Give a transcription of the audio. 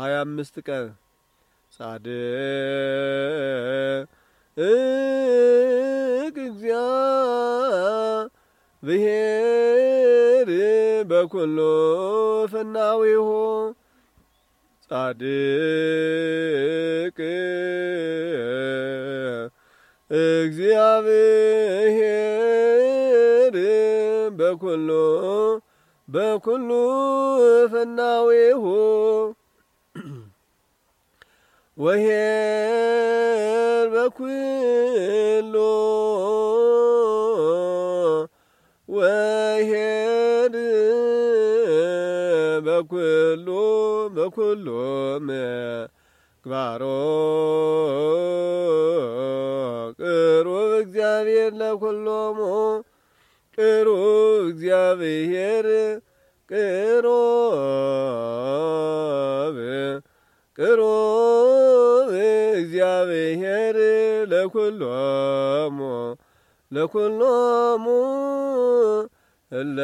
ሀያ አምስት ቀን ጻድቅ እግዚአብሔር በኩሎ ፍናዊሁ ጻድቅ እግዚአብሔር በኩሎ በኩሉ ፍናዊሁ وهير بكلو وهير بكلو بكلو ما كبارو كروب اكزابير لكلو مو كروب اكزابير كروب ቅሩብ እግዚአብሔር ለኩሎሙ ለኩሎሙ እለ